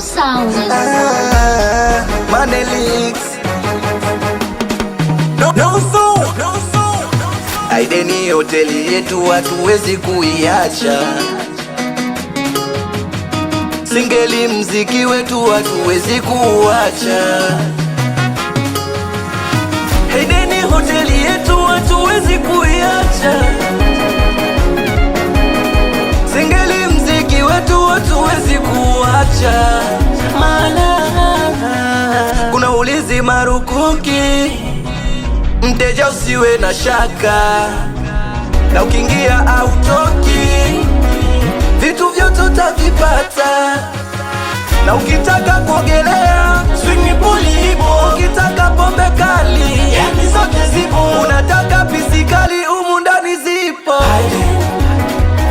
sound. Ah, Madelix. No, no soul. No soul. Aideni hoteli yetu hatuwezi kuiacha. Singeli mziki wetu hatuwezi kuuacha. Aideni hoteli yetu hatuwezi kuiacha. Singeli mziki wetu hatuwezi kuuacha. hizi marukuki, mteja usiwe na shaka, na ukiingia autoki, vitu vyote utavipata, na ukitaka kuogelea swimi puli ipo, ukitaka pombe kali yani zote zipo, unataka pisikali umu ndani zipo. Haide,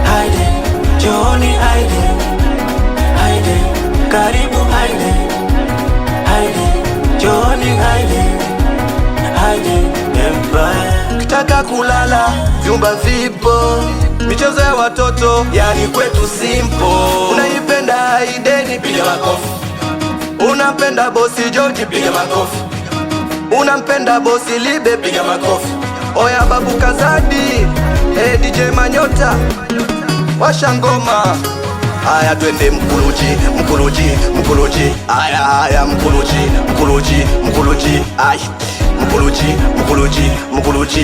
haide, jooni, haide, haide, karibu vyumba vipo, michezo ya watoto, yani kwetu simpo. Unaipenda Aideni, piga makofi. Unampenda bosi George, piga makofi. Unampenda bosi Libe, piga makofi. Oya babu Kazadi, hey DJ Manyota, washa ngoma. Aya, twende Mkuluji, Mkuluji, Mkuluji. Aya, aya, Mkuluji, Mkuluji, Mkuluji. Ay, Mkuluji, Mkuluji, Mkuluji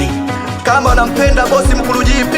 kama nampenda bosi mkuluji